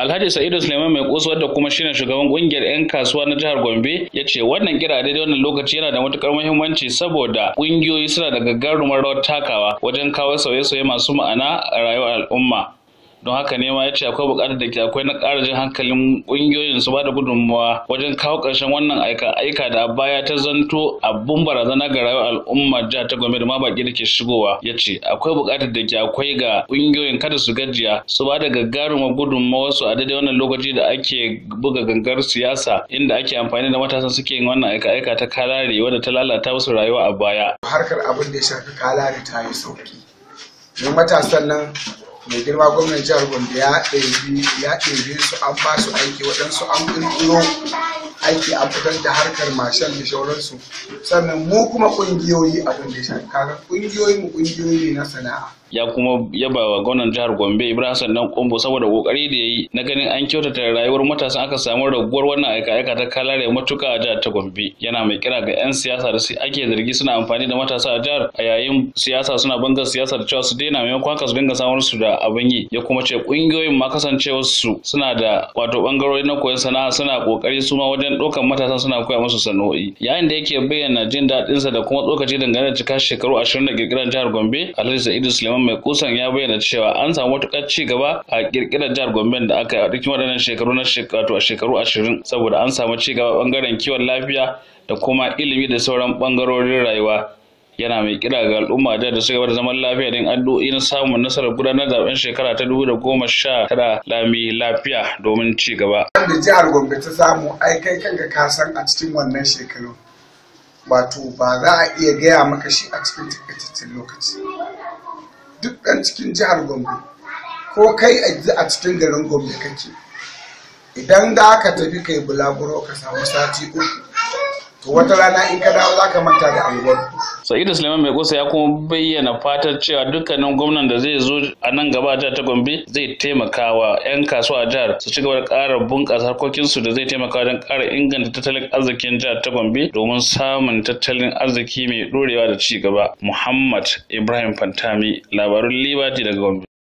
Alhaji Sa'idu Suleiman mai kusa da kuma shine shugaban kungiyar 'yan kasuwa na jihar Gombe ya ce wannan kira daidai wannan lokaci yana da matukar muhimmanci saboda kungiyoyi suna da gagarumar rawar takawa wajen kawo sauye-sauye masu ma'ana a rayuwar al'umma. don haka ne ma ya ce akwai buƙatar da ke akwai na ƙara jin hankalin ƙungiyoyin su ba da gudunmawa wajen kawo ƙarshen wannan aika aika da baya ta zanto abun barazana ga rayuwar al'umma jihar ta gombe da ma baki da ke shigowa ya ce akwai buƙatar da ke akwai ga ƙungiyoyin kada su gajiya su ba da gagarumar gudunmawar su a daidai wannan lokaci da ake buga gangar siyasa inda ake amfani da matasa suke yin wannan aika aika ta kalare wadda ta lalata musu rayuwa a baya. harkar abin da ya shafi kalare ta yi sauki. matasan nan mai girma gwamnan jihar gombe ya ɗebe su an ba su aiki waɗansu an ƙirƙiro aiki a fitar da harkar mashan da shauransu sannan mu kuma ƙungiyoyi abin da shan kaga ƙungiyoyi mu ƙungiyoyi na sana'a ya kuma yaba wa gwamnan jihar Gombe Ibrahim Sannan Kombo saboda kokari da yayi na ganin an kyautata rayuwar matasan aka samu raguwar wannan aika aika ta kalare matuka a jihar ta Gombe yana mai kira ga yan siyasa da su ake zargi suna amfani da matasa a jihar a yayin siyasa suna bangar siyasar cewa su daina maimakon haka su dinga samar su da abin yi ya kuma ce kungiyoyin ma kasancewarsu suna da wato bangarori na koyon sana'a suna kokari su ma wajen ɗaukar matasan suna koya musu sana'o'i yayin da yake bayyana jin daɗinsa da kuma tsokaci dangane da cika shekaru ashirin da kirkirar jihar Gombe Alhaji Sa'idu Suleiman mai kusan ya bayyana cewa an samu matuƙar ci gaba a kirkirar jihar Gombe da aka yi a cikin waɗannan shekaru na shekaru ashirin saboda an samu ci gaba bangaren kiwon lafiya da kuma ilimi da sauran bangarorin rayuwa yana mai kira ga al'umma da da suka da zaman lafiya din addu'o'i na samun nasarar gudanar zaben shekara ta dubu da goma sha tara lami lafiya domin ci gaba. Wanda jihar Gombe ta samu ai kai kanka ka san a cikin wannan shekaru wato ba za a iya gaya maka shi a cikin takaitaccen lokaci. Duk ɗan cikin jihar Gombe ko kai a cikin garin Gombe kake idan da ka tafi kai bulaguro ka samu sati uku to wata rana in ka dawo za ka manta da anguwar Sa'idu Suleiman Mai Kusa ya kuma bayyana fatar cewa dukkanin gwamnan da zai zo a nan gaba a jihar ta Gombe zai taimaka wa 'yan kasuwa jihar su ci gaba da ƙara bunƙasa harkokinsu da zai taimaka wajen ƙara inganta tattalin arzikin jihar ta Gombe domin samun tattalin arziki mai ɗorewa da ci gaba. Muhammad Ibrahim Fantami labarun Liberty daga Gombe.